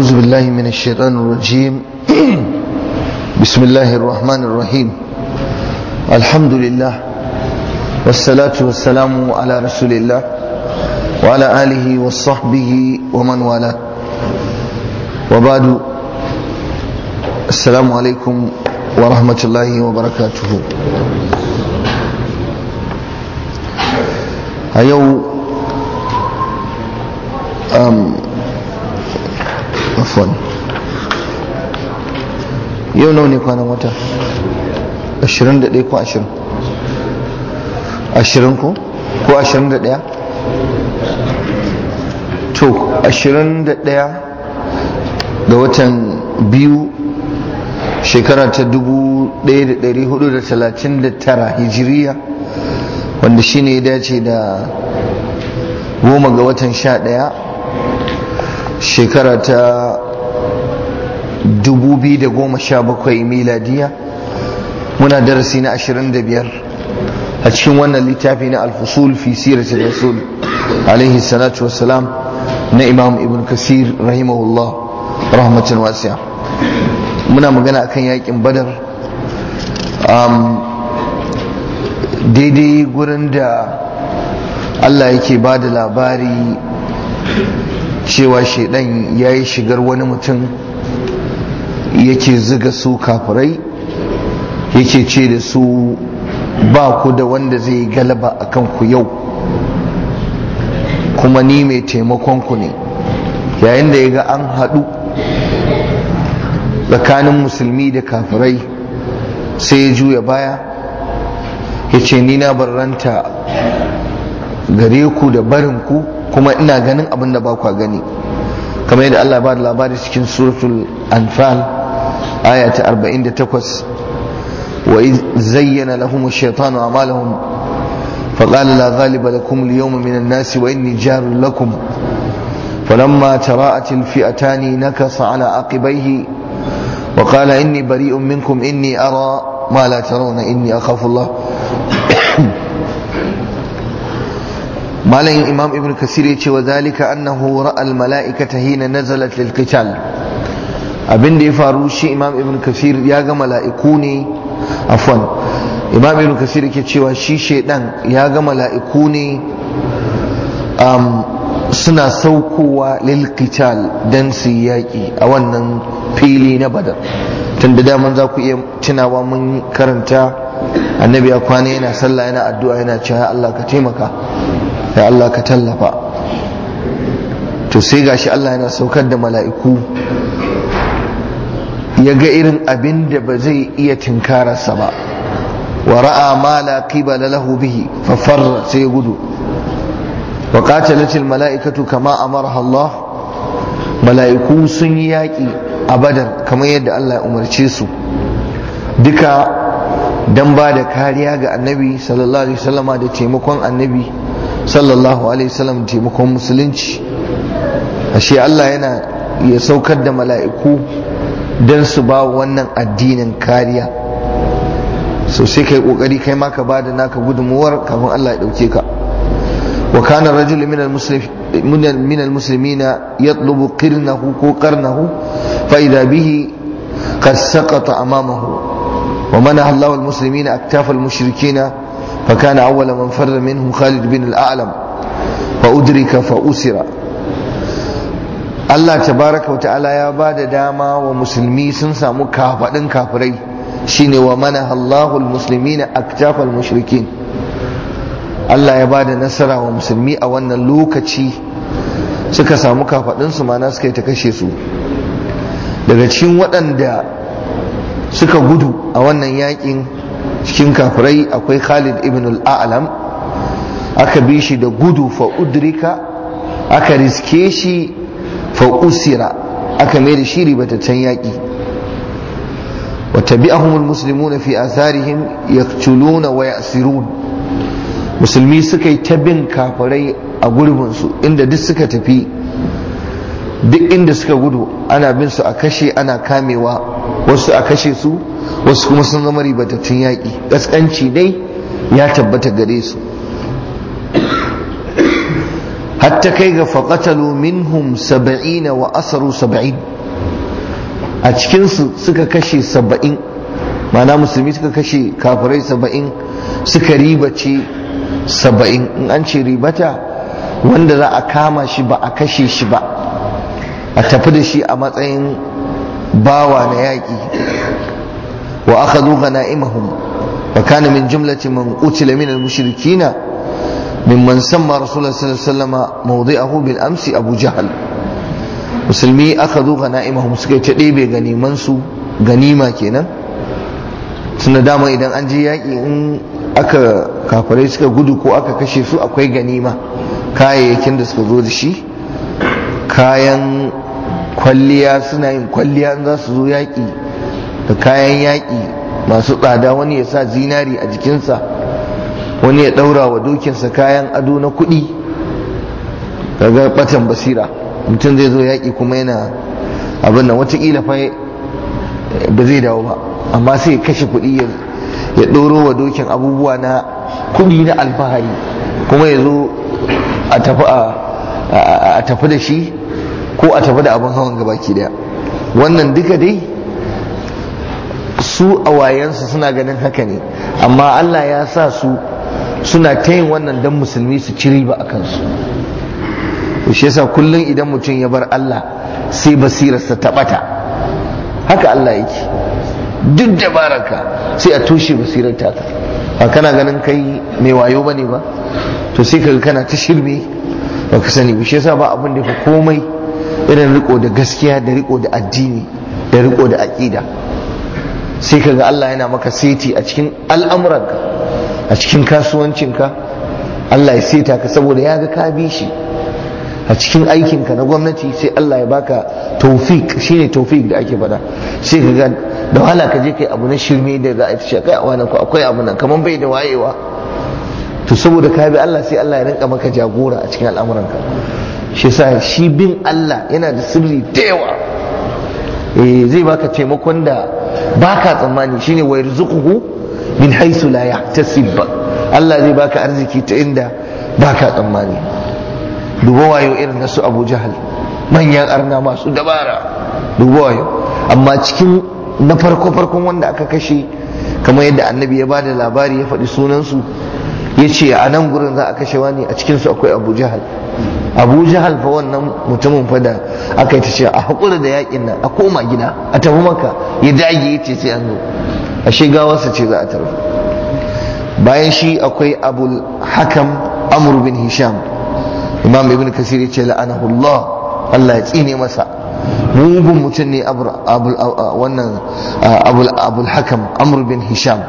أعوذ بالله من الشيطان الرجيم بسم الله الرحمن الرحيم الحمد لله والصلاة والسلام على رسول الله وعلى آله وصحبه ومن والاه وبعد السلام عليكم ورحمة الله وبركاته أيو أم afwan yau nawa ne kwanan wata 21 ko 20 20 ko ko 21 to 21 ga watan biyu shekara ta 1439 hijiriya wanda shine ya dace da goma ga watan sha shekara ta 2017 miladiya muna darasi na 25 a cikin wannan littafi na alfusul fi siratul rasul alaihi salatu wassalam na imam ibn kasir rahimahullah rahmatin wasiya muna magana akan yakin badar daidai gurin da Allah yake ba da labari cewa shaidan ya yi shigar wani mutum yake ziga su kafirai yake ce da su ba ku da wanda zai galaba a kanku yau kuma ni mai taimakon ku ne yayin da ya ga an haɗu tsakanin musulmi da kafirai sai ya juya baya ya ce ni na barranta gare ku da barinku kuma ina ganin abin da ba kwa gani kamar yadda Allah ba da labari cikin suratul anfal aya ta 48 wa iz zayyana lahum ash-shaytanu a'malahum فقال لا غالب لكم اليوم من الناس وإني جار لكم فلما تراءت الفئتان نكص على عقبيه وقال إني بريء منكم إني أرى ما لا ترون إني أخاف الله malayin imam ibn kasir ya ce wa zalika annahu ra'al ta hina na lil qital abin da ya faru shi imam ibn kasir ya ga mala'iku ne afwan imam ibn kasir yake cewa shi shaidan ya ga mala'iku ne suna saukowa lil dan su yaki a wannan fili na badar tunda daman za ku iya tunawa mun karanta annabi ya kwana yana sallah yana addu'a yana cewa Allah ka taimaka ya Allah ka tallafa to sai gashi Allah yana saukar da mala'iku ya ga irin abin da ba zai iya tinkararsa ba wa ra'a ma la qibala lahu bihi fa farra sai gudu wa qatalat mala'ikatu kama amara Allah mala'iku sun yi yaki a badar kamar yadda Allah ya umarce su duka dan ba da kariya ga annabi sallallahu alaihi wasallama da taimakon annabi sallallahu alaihi wasallam taimakon musulunci ashe Allah yana ya saukar da mala'iku don su ba wannan addinin kariya so sai kai kokari kai ma ka bada naka gudunmuwar kafin Allah ya dauke ka wa kana rajul min al-muslimina yatlubu qirnahu ko qarnahu fa idha bihi qad saqata amamahu wa manaha Allahu al-muslimina aktafa al-mushrikina فكان أول من فر منه خالد بن الأعلم فأدرك فأسر Allah tabaraka wata'ala ya ba da dama wa musulmi sun samu kafaɗin kafirai shine wa mana hallahul musulmi na aktafal mushrikin Allah ya ba da nasara wa musulmi a wannan lokaci suka samu kafaɗinsu mana suka yi ta kashe su daga cikin waɗanda suka gudu a wannan yaƙin. cikin kafirai akwai khalid ibn al-a'lam aka bi shi da gudu fa udrika aka riske shi fa'usira, aka mai da shiri ba ta can yaƙi Wata musulmi na وتبعهم المسلمون ya آثارهم waya ويأسرون musulmi suka yi ta bin kafirai a gurbinsu inda duk suka tafi duk inda suka gudu ana bin su a kashe ana kamewa wasu a kashe su wasu kuma sun zama ribatattun yaƙi ƙasƙanci dai ya tabbata gare su hatta kai ga faƙatalu minhum saba'ina wa asaru saba'in a cikinsu suka kashe saba'in mana musulmi suka kashe kafirai saba'in suka ce saba'in in an ce ribata wanda za a kama shi ba a kashe shi ba a tafi da shi a matsayin bawa na yaƙi وأخذوا غنائمهم وكان min جملة من قتل من المشركين ممن سمى رسول الله صلى الله عليه وسلم موضعه بالأمس أبو جهل musulmi aka zo gana'imahum suka yi ta ɗebe ganimansu ganima kenan suna dama idan an je yaƙi in aka kafarai suka gudu ko aka kashe su akwai ganima kayayyakin da suka zo da shi kayan kwalliya suna yin kwalliya in za su zo yaƙi da kayan yaƙi masu tsada wani ya sa zinari a jikinsa wani ya ɗaura wa dukinsa kayan ado na kuɗi daga basira mutum zai zo yaƙi kuma yana abin nan watakila fa ba zai dawo ba amma sai ya kashe kuɗi ya ɗoro wa dokin abubuwa na kuɗi na alfahari kuma ya zo a tafi da shi ko a tafi da abin hawan gabaki daya wannan duka dai su a wayansu suna ganin haka ne amma Allah ya sa su suna ta yin wannan dan musulmi su ci riba a kansu shi yasa kullum idan mutum ya bar Allah sai basirarsa ta bata haka Allah yake duk dabararka sai a toshe basirar ta ba kana ganin kai mai wayo bane ba to sai ka kana ta shirme ba ka sani ba shi yasa ba abin da komai irin riko da gaskiya da riko da addini da riko da aƙida sai ga Allah yana maka seti a cikin al'amuranka a cikin kasuwancinka Allah ya seta ka saboda ya ga ka bi shi a cikin aikinka na gwamnati sai Allah ya baka tawfik shine tawfik da ake bada sai kaga da wahala ka je kai abu na shirme da za a ce kai a wannan ko akwai abu nan kaman bai da wayewa to saboda ka bi Allah sai Allah ya rinka maka jagora a cikin al'amuranka shi yasa shi bin Allah yana da sirri da yawa eh zai baka taimakon da baka tsammani shine wa yarzuquhu min haythu la yahtasib Allah zai baka arziki ta inda baka tsammani duba wayo irin na su Abu Jahal manyan arna masu dabara duba wayo amma cikin na farko farkon wanda aka kashe kamar yadda annabi ya bada labari ya faɗi sunansu ya ce a nan gurin za a kashe wani a cikinsu akwai abu jahal abu jahal fa wannan mutumin fada aka yi ta ce a haƙura da yaƙin nan a koma gida a tafi maka ya dage ya ce sai an zo a shigawarsa ce za a tafi bayan shi akwai abu hakam amur bin hisham imam ibn kasir ya ce la'anahullah allah ya tsine masa mugun mutum ne abul wannan abul bin hisham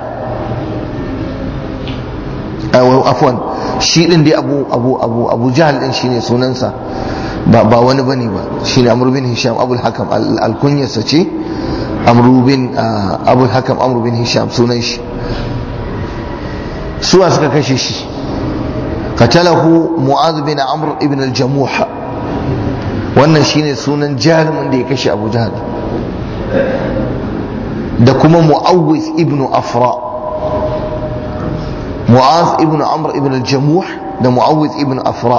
Eh, afwan shi din dai abu abu abu abu jahal din shine sunansa ba ba wani bane ba shine amr bin hisham abul hakam alkunyarsa ce amr bin eh, abul hakam amr bin hisham sunan shi suwa suka kashe shi qatalahu mu'adh bin amr ibn al-jamuh wannan shine sunan jarumin da ya kashe abu jahal da kuma mu'awwis ibn afra' mu'az ibn amr ibn al da mu'awwiz ibn afra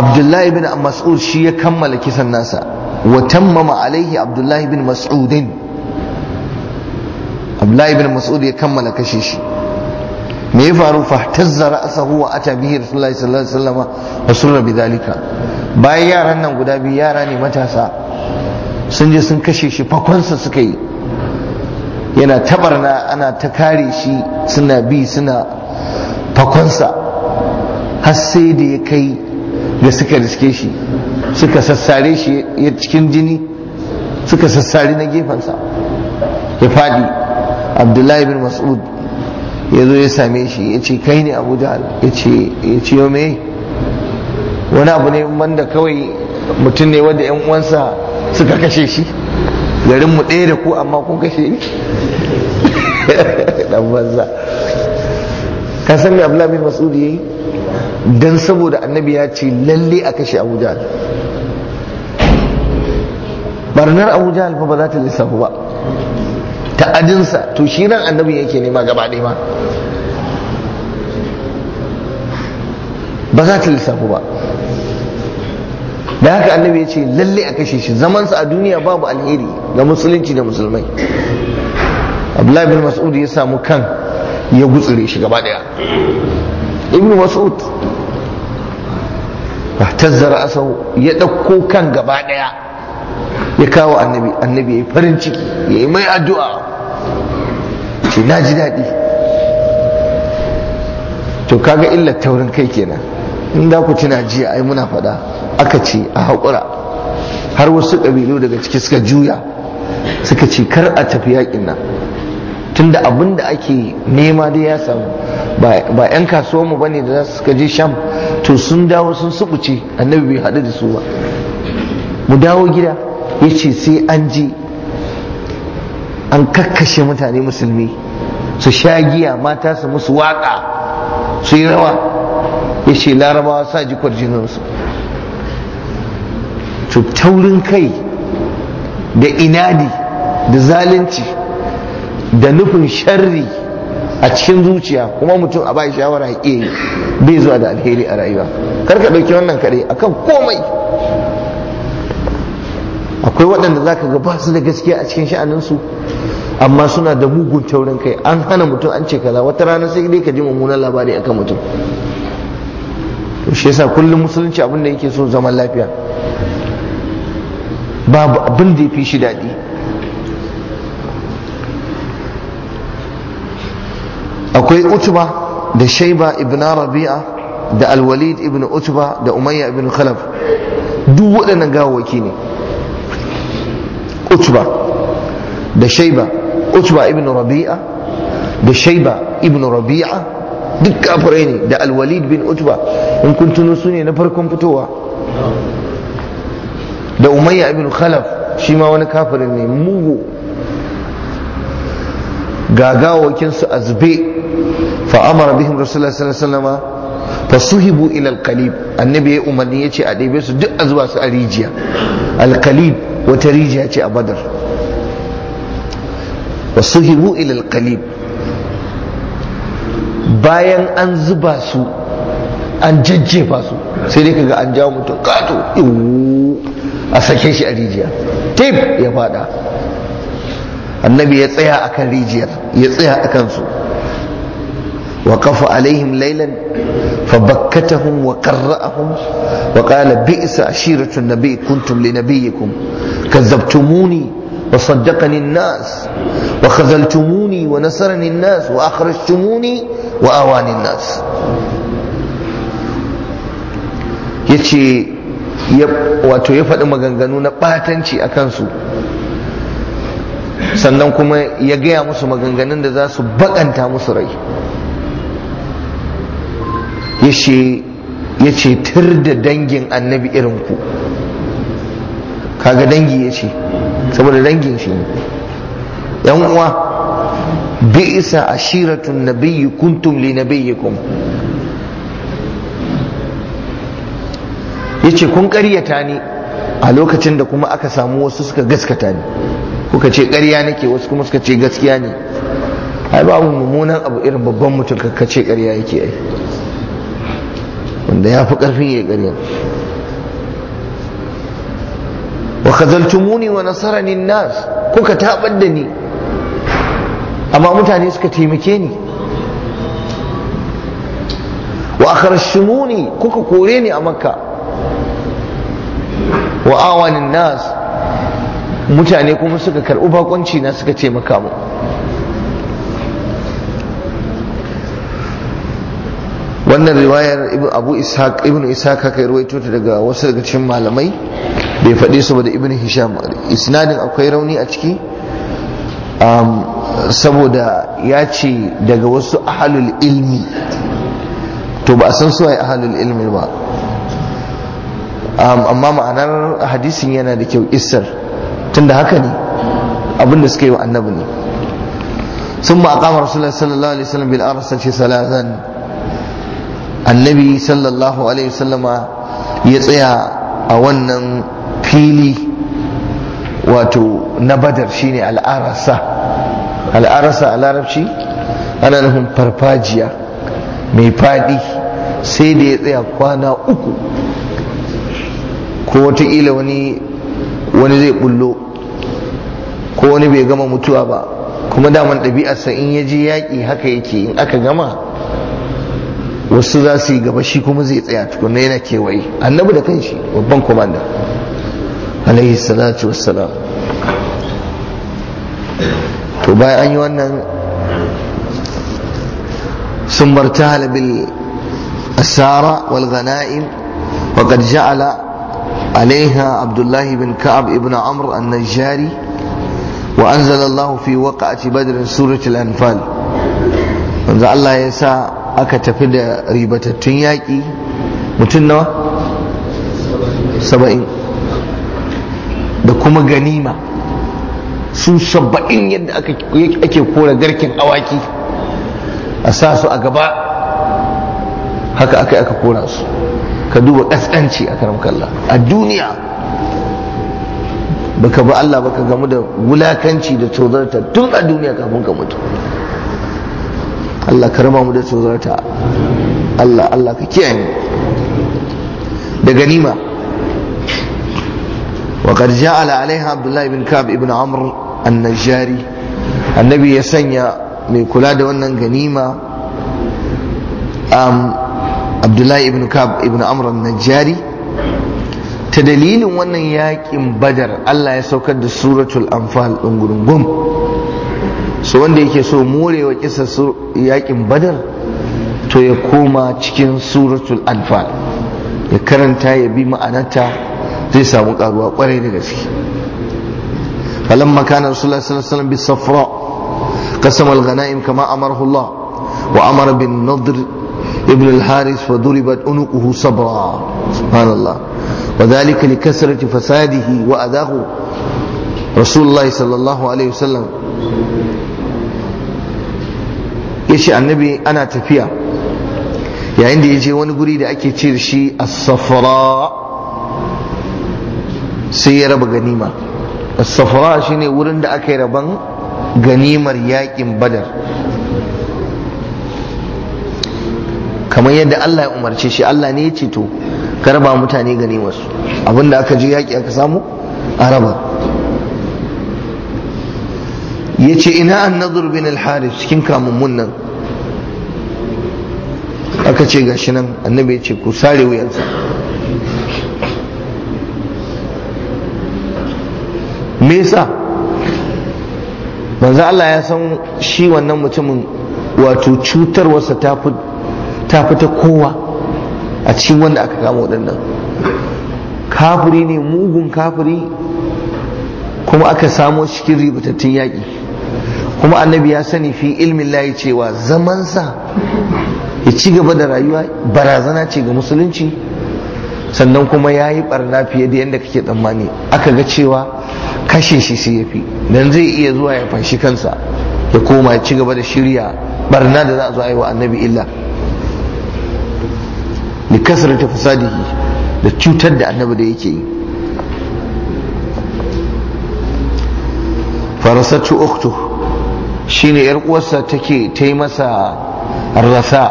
abdullahi ibn mas'ud shi ya kammala kisan nasa wa tammama alaihi abdullahi ibn mas'udin abdullahi ibn mas'ud ya kammala kashe shi me ya faru fa tazza ra'sahu wa ata bihi rasulullahi sallallahu alaihi wasallam wa surra bidhalika bayan yaran nan guda biyu yara ne matasa sun je sun kashe shi fakonsa suka yi yana tabarna ana ta kare shi suna bi suna fakonsa har sai da ya kai da suka riske shi suka sassare shi ya cikin jini suka sassare na gefensa ya fadi abdullahi bin mas'ud ya zo ya same shi ya ce kai ne abu jahal ya ce yau wani abu ne wanda kawai mutum ne wanda 'yan uwansa suka kashe shi garin mu ɗaya da ku amma kun kashe ni dan banza ka san me Abdullah bin yayi dan saboda annabi ya ce lalle a kashe Abu Jahl barnar Abu Jahl fa ba za ta lissafu ba ta'adinsa to shi nan annabi yake nema gaba ɗaya ma ba za ta lissafu ba da haka annabi ya ce lalle a kashe shi zamansa a duniya babu alheri ga musulunci da musulmai abdullahi bin mas'ud ya samu kan ya gutsure shi gaba daya ibn mas'ud ba tazzara asau ya ɗauko kan gaba daya ya kawo annabi annabi ya yi farin ciki ya yi mai addu'a ce na ji daɗi to kaga illar taurin kai kenan in da ku tuna jiya ai muna faɗa aka ce a haƙura har wasu ƙabilu daga ciki suka juya suka ce kar a tafi yaƙin nan tunda abin da ake nema dai ya samu ba 'yan kasuwanmu ba ne da za su je sham to sun dawo sun subuce annabi bai haɗu da su ba mu dawo gida ya ce sai an ji an kakkashe mutane musulmi su sha giya mata su musu waƙa su yi rawa ya ce larabawa sa jikwar jininsu to taurin kai da inadi da zalunci da nufin sharri a cikin zuciya kuma mutum a bai shawara ya bai zuwa da alheri a rayuwa karka ɗauki wannan kaɗai akan komai akwai waɗanda za ka ga ba su da gaskiya a cikin sha'aninsu amma suna da mugun taurin kai an hana mutum an ce kaza wata rana sai dai ka ji mummunan labari akan mutum to shi yasa kullum musulunci abin da yake so zaman lafiya babu abin da ya fi shi daɗi akwai utuba da shaiba ibn rabi'a da alwalid ibn utuba da umayya ibn khalaf duk waɗannan gawawaki ne utuba da shaiba utuba ibn rabi'a da shaiba ibn rabi'a duk kafirai ne da alwalid bin utuba in kun su ne na farkon fitowa da umayya ibn khalaf shi ma wani kafirin ne mugu gagawakin su azbe fa amara bihim rasulullah sallallahu alaihi wasallam fa suhibu ila alqalib annabi ya umarni yace a ɗebe su duk an zuwa su a rijiya alqalib wata rijiya ce a badar wa suhibu ila alqalib bayan an zuba su an jajjefa su sai dai kaga an jawo mutum kato a sake shi a rijiya tip ya fada annabi ya tsaya akan rijiyar ya tsaya a su wa kafa alaihim lailan fa bakkatahum wa qarra'ahum wa qala bi'sa ashiratu nabi kuntum li nabiyikum kazzabtumuni wa saddaqani an-nas wa khazaltumuni wa nasarani an-nas wa akhrajtumuni wa awani an-nas yace wato ya faɗi maganganu na ɓatanci a kansu sannan kuma ya gaya musu maganganun da za su baƙanta musu rai ya ce tur da dangin annabi irinku kaga dangi ya ce saboda dangin shi yan uwa bi'isa ashiratun nabiyyi kuntum li nabiyyikum yace kun ƙaryata ni a lokacin da kuma aka samu wasu suka gaskata ni kuka ce ƙarya nake wasu kuma suka ce gaskiya ne ai babu mummunan abu irin babban mutum ka ce ƙarya yake ai wanda ya fi ƙarfin ya ƙarya wa khazaltumuni wa nasarani nas kuka tabar da ni amma mutane suka taimake ni wa akhrajtumuni kuka kore ni a makka wa awanin nas mutane kuma suka karɓi bakonci na suka ce maka mu wannan riwayar abu ishaq ibnu ishaq kai ruwaito ta daga wasu daga cikin malamai bai faɗe saboda Ibn hisham isnadin akwai rauni a ciki um, saboda ya ce daga wasu ahalul ilmi to ba a san su ai ahalul ilmi ba amma ma'anar hadisin yana da kyau isar tunda haka ne abinda suka yi wa annabi ne sun ma aqama rasulullah sallallahu alaihi wasallam bil arsati salatan annabi sallallahu alaihi wasallama ya tsaya a wannan fili wato na badar shine al'arasa al'arasa a larabci ana nufin farfajiya mai faɗi sai da ya tsaya kwana uku ko wataƙila wani wani zai bullo ko wani bai gama mutuwa ba kuma daman ɗabi'arsa in ya je yaƙi haka yake in aka gama wasu za su yi gaba shi kuma zai tsaya tukunna yana kewaye annabi da kanshi babban komanda alaihi salatu wassalam to bayan an yi wannan sun bar bil asara wal ghanaim عليها عبد الله بن كعب ابن عمرو النجاري وأنزل الله في وقعة بدر سورة الأنفال manzo Allah ya sa aka tafi da ribatattun yaƙi mutum nawa saba'in da kuma ganima su saba'in yadda ake kora garkin awaki a sa su a gaba haka aka aka kora su ka duba kaskanci a karam kalla a duniya baka ba Allah baka gamu da wulakanci da tozarta tun a duniya kafin ka mutu Allah karama mu da tozarta Allah Allah ka kiyaye mu da ganima وقد جعل عليها عبد الله بن كعب ابن عمرو النجاري النبي يسني mai kula da wannan ganima um, abdullahi ibn kab ibn amr najjari ta dalilin wannan yakin badar Allah ya saukar da suratul anfal ɗin gurungum so wanda yake so morewa kisa yakin badar to ya koma cikin suratul anfal ya karanta ya bi ma'anarta zai samu karuwa kwarai da gaske falamma makana rasulullah sallallahu alaihi wasallam bisafra qasama al-ghanaim kama amarahu Allah wa amara bin nadr ابن الحارث فضربت عنقه صبرا سبحان الله وذلك لكثرة فساده وأذاه رسول الله صلى الله عليه وسلم annabi ana tafiya yayin da je wani guri da ake ce shi as-safra sai ya raba ganima as-safra shine wurin da aka yi raban ganimar yaƙin badar kamar yadda Allah ya umarce shi Allah ne ya ceto ka raba mutane ganimarsu abinda aka je yaƙi aka samu a raba ya ce ina an nazar bin al-harith cikin kamun nan aka ce gashi nan annabi ya ce ku sare wuyansa me yasa manzo Allah ya san shi wannan mutumin wato cutarwarsa ta fi ta fita kowa a cikin wanda aka kama waɗannan kafiri ne mugun kafiri kuma aka samo cikin ribatattun yaƙi kuma annabi ya sani fi ilmin layi cewa zamansa ya ci gaba da rayuwa barazana ce ga musulunci sannan kuma ya yi barna fiye da yadda kake tsammani aka ga cewa kashe shi sai ya fi don zai iya zuwa ya fashi kansa ya koma ya ci gaba da shirya ɓarna da za a zo a yi wa annabi illa li kasrata fasadihi da cutar da annabi da yake yi farasatu shi shine yar uwarsa take ta yi masa rasa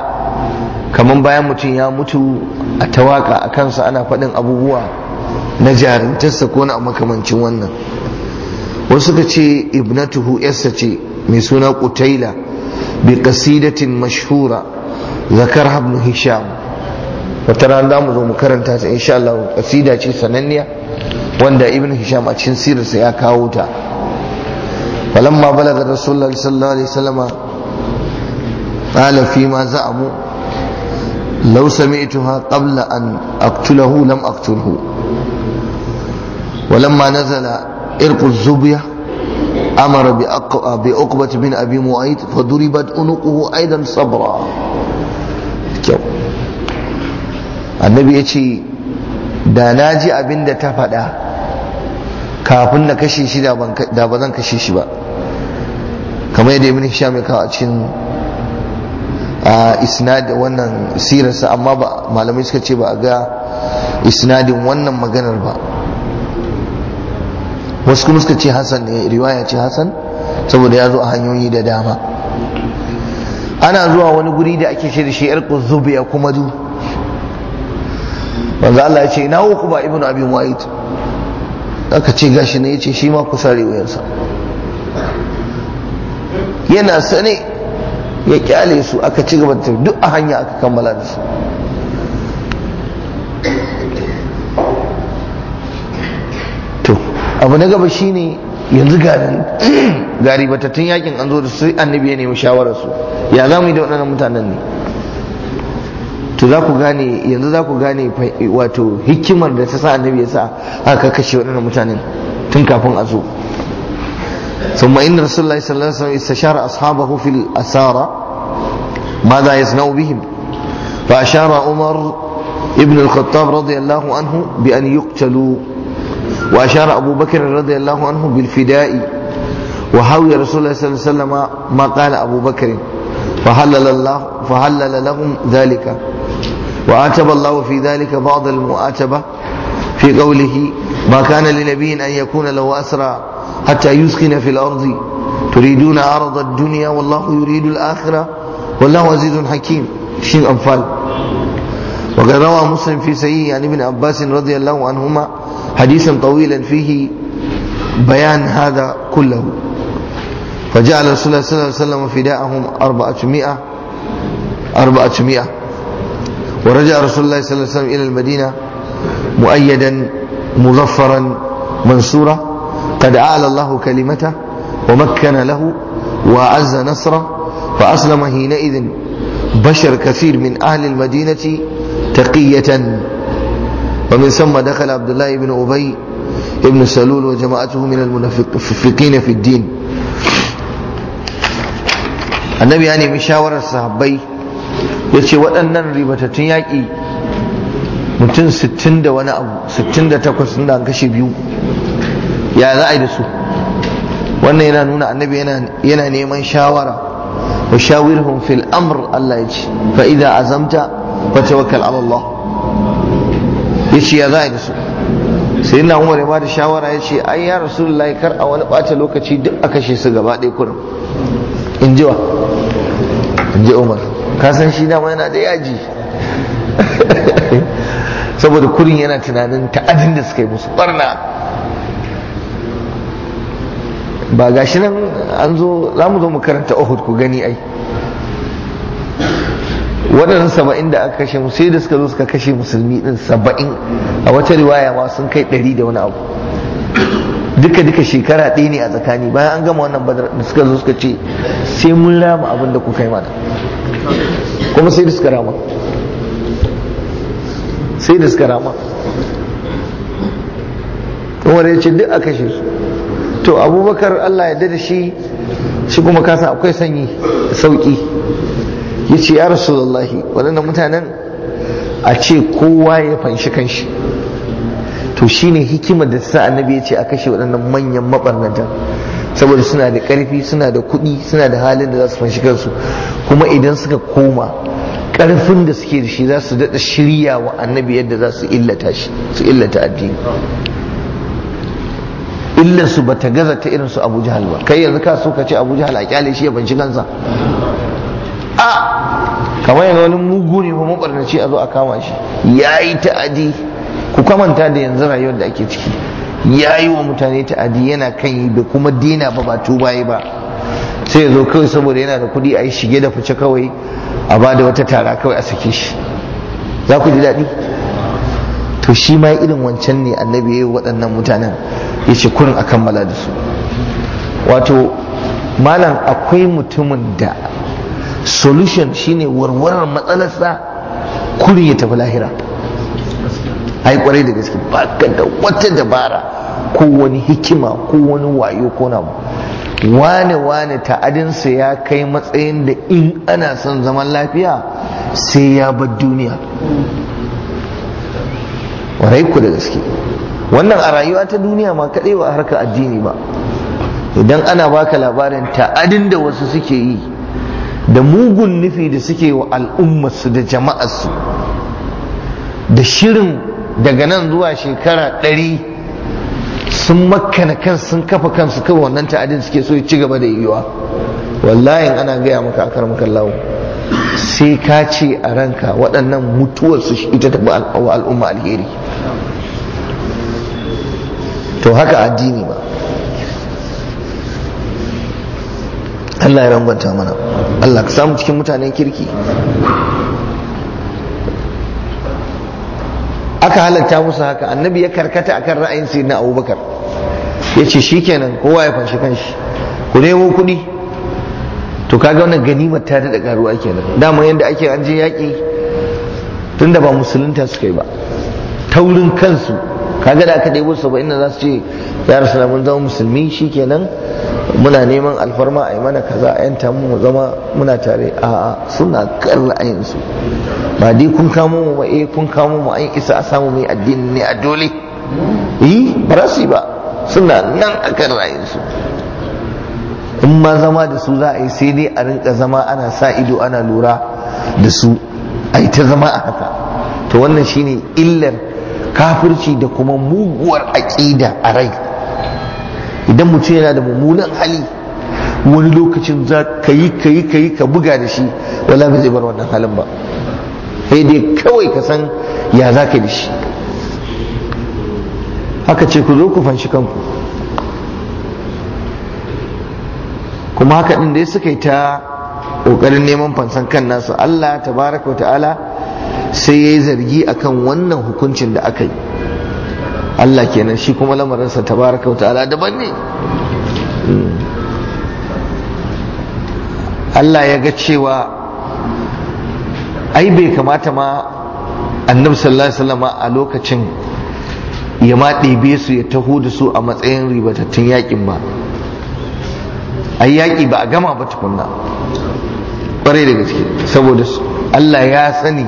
kamar bayan mutum ya mutu a tawaka a kansa ana faɗin abubuwa na jarintarsa ko na makamancin wannan wasu ka ce ibnatuhu yarsa ce mai suna kutaila bi qasidatin mashhura zakar ibn hisham wata rana za mu zo mu karanta ta insha Allah kasida ce sananniya wanda ibn hisham a cikin sirrinsa ya kawo ta falamma balaga rasulullahi sallallahu alaihi wasallam qala fi ma za'amu law sami'tuha qabla an aqtulahu lam aqtulhu ولما نزل إرق الزبية أمر بأقبة بن أبي معيط فضربت عنقه أيضا صبرا annabi ya ce da na ji abin da ta faɗa kafin na kashe shi da ba zan kashe shi ba kamar yadda mini sha mai kawo a cikin isnadin wannan sirarsa amma ba malamai suka ce ba a ga isnadin wannan maganar ba wasu kuma suka ce hassan ne riwaya ce hassan saboda ya zo a hanyoyi da dama ana zuwa wani guri da ake shirya shi yar kuzubiya kuma du wanzu Allah ya ce ina uku ba ibnu abi mu'ayyid aka ce gashi ne yace shi ma ku sare wayarsa yana sane ya kyale su aka ci gaba da duk a hanya aka kammala da su to abu na gaba shine yanzu gari batattun yakin an zo da su annabi ya nemi shawararsu ya za mu yi da waɗannan mutanen ne to za ku gane yanzu za ku gane wato hikimar da ta sa annabi ya sa aka kashe waɗannan mutanen tun kafin a zo ثم إن رسول الله صلى الله عليه وسلم استشار أصحابه في الأسارة ماذا يصنع بهم فأشار عمر ابن الخطاب رضي الله عنه بأن يقتلوا وأشار أبو بكر رضي الله عنه بالفداء وحاول رسول الله صلى الله عليه وسلم ما قال أبو بكر فهلل الله فهلل لهم ذلك وآتب الله في ذلك بعض المؤاتبة في قوله ما كان لنبي أن يكون له أسرى حتى يسكن في الأرض تريدون عرض الدنيا والله يريد الآخرة والله عزيز حكيم شين أنفال وقد روى مسلم في سيئه عن ابن عباس رضي الله عنهما حديثا طويلا فيه بيان هذا كله فجعل رسول الله صلى الله عليه وسلم فداءهم أربعة مئة أربعة مئة ورجع رسول الله صلى الله عليه وسلم إلى المدينة مؤيدا مظفرا منصورا قد أعلى الله كلمته ومكن له وأعز نصره فأسلم حينئذ بشر كثير من أهل المدينة تقية ومن ثم دخل عبد الله بن أبي بن سلول وجماعته من المنافقين في الدين النبي يعني مشاور الصحابي ya ce waɗannan ribatattun yaƙi mutum 60 da wani abu 68 da an kashe biyu ya za a yi da su wannan yana nuna annabi yana neman shawara wa shawirhum fil amr Allah ya ce fa idza azamta fa tawakkal ala Allah yace ya za a yi da su sai na Umar ya ba da shawara ya ce ai ya Rasulullahi kar a wani bata lokaci duk a kashe su gaba ɗaya kurum in ji wa in ji Umar kasan shi dama yana da yaji saboda kurin yana tunanin ta'adin da suka yi musu barna ba gashi nan an zo za mu zo mu karanta uhud ku gani ai waɗannan saba'in da aka kashe sai da suka zo suka kashe musulmi ɗin saba'in a wata riwaya ma sun kai ɗari da wani abu duka duka shekara ɗaya ne a tsakani bayan an gama wannan badar da suka zo suka ce sai mun rama abin da ku kai mana kuma sai da suka rama sai da suka rama umar ya ce duk a kashe su to abubakar allah ya da shi shi kuma kasa akwai sanyi sauki ya ce ya rasu lallahi waɗannan mutanen a ce kowa ya fanshi kanshi to shine hikimar da sa annabi ya ce a kashe waɗannan manyan mabarnatan saboda suna da karfi, suna da kuɗi suna da halin da za su fanshi kansu kuma idan suka koma karfin da suke da shi za su daɗa shirya wa annabi yadda za su illata shi su illata addini illa su bata gaza ta irin su Abu Jahal ba kai yanzu ka so ka ce Abu Jahal a kyale shi ya banci kansa a kamar yana wani mugu ne ba mabarnaci a zo a kama shi Ya yi ta'adi ku kamanta da yanzu rayuwar da ake ciki ya yi wa mutane ta'adi yana kan yi da kuma dina ba ba tuba yi ba sai ya zo kawai saboda yana da kuɗi a yi shige da fice kawai a ba da wata tara kawai a sake shi za ku ji daɗi to shi ma irin wancan ne annabi ya yi waɗannan mutanen ya ce kurin a kammala da su wato malam akwai mutumin da solution shine warwarar matsalarsa kurin ya tafi lahira ai kwarai da gaske ba ka da wata dabara ko wani hikima ko wani wayo ko na wane wane ta'adinsa ya kai matsayin da in ana son zaman lafiya sai ya bar duniya warai ku da gaske wannan a rayuwa ta duniya ma kaɗai ba harka addini ba idan ana baka labarin ta'adin da wasu suke yi da mugun nufi da suke wa al'ummarsu da jama'arsu da shirin daga nan zuwa shekara ɗari sun makana kan sun kafa kansu kan wannan ta'adin suke so ci gaba da yiwuwa wallahi ana gaya maka a karmakan lawo sai ka ce a ranka waɗannan mutuwarsu ita taɓa al'umma alheri to haka addini ba Allah ya rangwanta mana Allah ka samu cikin mutanen kirki aka halatta musu haka annabi ya karkata akan ra'ayin na abubakar ya ce shi kenan kowa ya fanshi kanshi ku nemo kuɗi to kaga wannan ganimar ta daɗa karuwa kenan dama yadda ake an je yaƙi tunda ba musulunta suka yi ba taurin kansu ka da aka ɗebo inda za su ce ya rasu mun zama musulmi shi kenan. muna neman alfarma a yi mana kaza a yanta mu zama muna tare a suna kan ra'ayinsu ba dai kun kamo mu ba eh kun kamo mu an isa a samu mai addini ne a dole eh, yi ba su ba suna nan a kan ra'ayinsu in ma zama da su za a yi sai dai a rinka zama ana sa ido ana lura da su a yi ta zama a haka to wannan shine illar kafirci da kuma muguwar aƙida a rai idan mutum yana da mummunan hali wani lokacin za ka yi ka yi ka yi ka buga da shi wala ba zai bar wannan halin ba sai dai kawai ka san ya za ka da shi haka ce ku zo ku fanshi kanku kuma haka ɗin dai suka yi ta ƙoƙarin neman fansan kan nasu Allah tabaraka wa ta'ala sai ya yi zargi akan wannan hukuncin da aka yi Allah kenan shi kuma lamarinsa tabaraka wa ta'ala daban ne hmm. Allah ya ga cewa ai bai kamata ma annabi sallallahu alaihi wasallam a lokacin ya ma ɗebe su ya taho da su a matsayin ribatattun yakin ba ai yaƙi ba a gama ba tukunna ƙwarai da gaske saboda Allah ya sani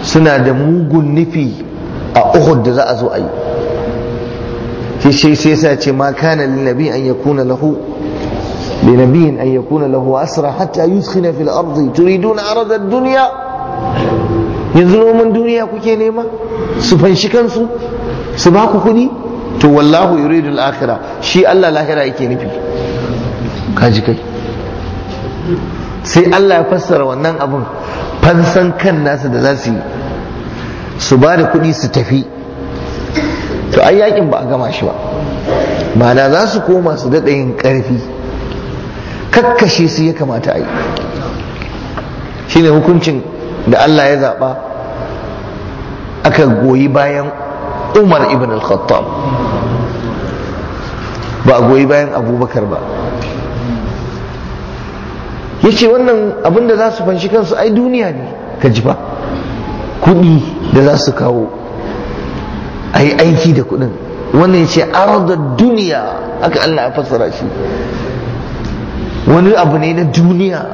suna da mugun nufi a Uhud da za a zo a yi sai shi sai yasa ce ma kana lin nabi an lahu li nabiyyin lahu asra hatta yuskhina fil ardi turiduna arada ad-dunya yanzu noman duniya kuke nema su fanshi kansu su ba ku kuɗi to wallahu yuridu al shi Allah lahira yake nufi kaji kai sai Allah ya fassara wannan abun fansan kan nasa da za su yi su ba kuɗi su tafi to ai yakin ba a gama shi ba ma'ana za su koma su daɗa yin ƙarfi kakkashe su ya kamata a yi Shi ne hukuncin da Allah ya zaɓa aka goyi bayan Umar ibn al-Khattab ba a goyi bayan abubakar ba ya ce wannan abin da za su fanshi kansu ai duniya ne ka ji ba kuɗi da za su kawo Ayi aiki da kuɗin wannan ya ce duniya aka Allah ya fassara shi wani abu ne na duniya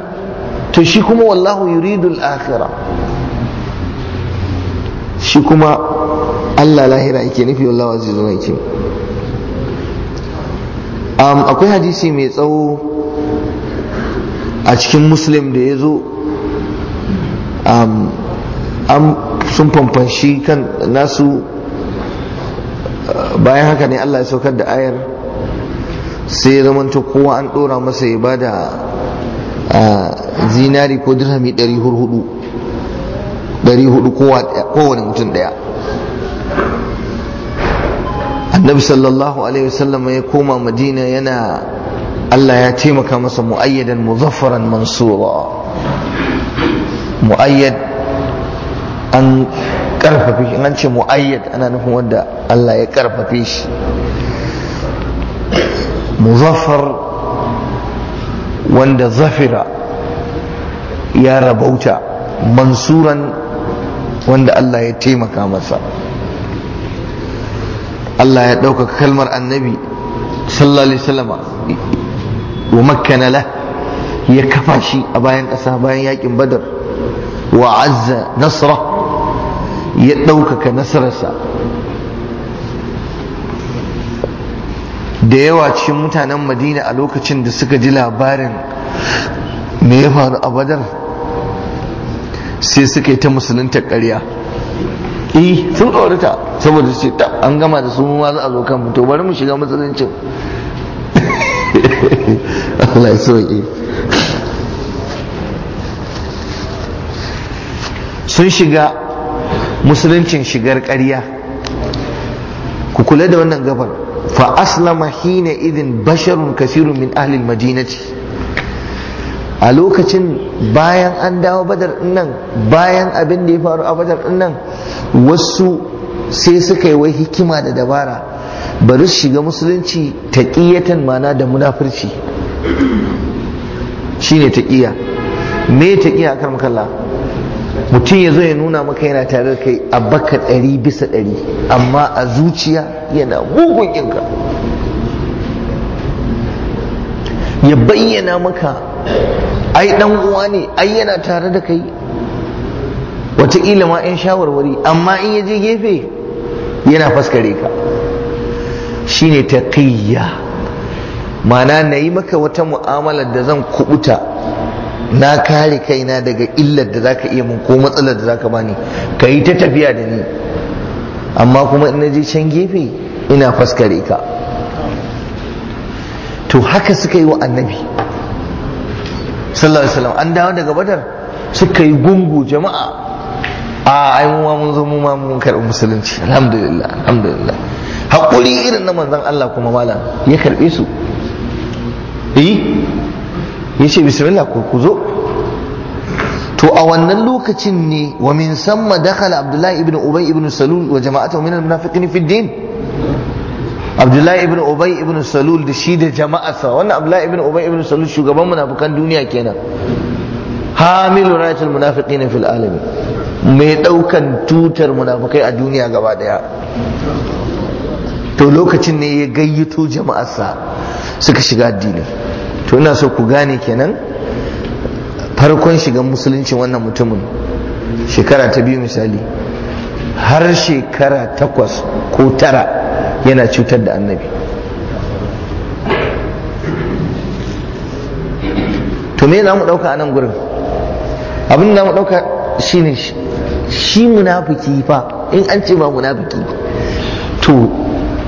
to shi kuma wallahu al akhira shi kuma Allah lahira yake nufi wallahu azizun hakim um, akwai hadisi mai tsawo a cikin muslim da ya zo um, an sun fanfanshi kan nasu bayan haka ne Allah ya saukar da ayar sai ya ta kowa an dora masa ya ba da zinari ko dirhami 400 kowane mutum daya annabi sallallahu alaihi wasallam ya koma madina yana Allah ya taimaka masa mu'ayyadan muzaffaran mansura mu'ayyad an karfafi an ce mu'ayyad ana nufin wanda Allah ya karfafe shi muzaffar wanda zafira ya rabauta mansuran wanda Allah ya taimaka masa Allah ya ɗaukaka kalmar annabi sallallahu wa makkana lah ya kafa shi a bayan ƙasa bayan yakin badar wa azza nasra ya ɗaukaka nasararsa da yawa cikin mutanen madina a lokacin da suka ji labarin me ya faru a badar sai suka yi ta musulunta ƙarya eh sun tsorata saboda ce an gama da su ma za a zo kan to bari mu shiga musuluncin Allah ya soke sun shiga musuluncin shigar ƙarya ku kula da wannan gabar fa aslama hina idin basharun kasirun min ahlil madinati a lokacin bayan an dawo badar nan bayan abin da ya faru a badar nan wasu sai suka yi wai hikima da dabara bari su shiga musulunci taƙiyatan mana da munafurci shine taƙiya me taƙiya a makalla mutum ya zo ya nuna maka yana tare da kai a baka ɗari bisa ɗari amma a zuciya yana mugun yinka ya bayyana maka ai ɗan uwa ne ai yana tare da kai wataƙila ma 'yan shawarwari amma in ya je gefe yana faskare ka shine taqiyya mana na yi maka wata mu'amalar da zan kubuta na kare kaina daga illar da zaka iya mun ko matsalar da zaka bani ka yi ta tafiya da ni amma kuma in je can gefe ina faskare ka to haka suka yi wa annabi sallallahu alaihi wasallam an dawo daga badar suka yi gungu jama'a a ai mu ma mun zo mu ma mun karɓi musulunci alhamdulillah alhamdulillah hakuri irin na manzon Allah kuma malam ya karɓe su eh ya ce bismillah ku zo to a wannan lokacin ne wa min samma dakhala abdullahi ibn ubay ibn salul wa jama'atu min al-munafiqin fi din abdullahi ibn ubay ibn salul da shi da jama'arsa wannan abdullahi ibn ubay ibn salul shugaban munafikan duniya kenan hamilu ra'atul munafiqin fil alamin mai daukan tutar munafikai a duniya gaba daya to lokacin ne ya gayyato jama'arsa suka shiga addinin to ina so ku gane kenan farkon shiga musulunci wannan mutumin shekara ta biyu misali har shekara takwas ko tara yana cutar da annabi to me za mu ɗauka a nan gurin abin da mu ɗauka shine shi munafiki fa in an ce ma munafiki to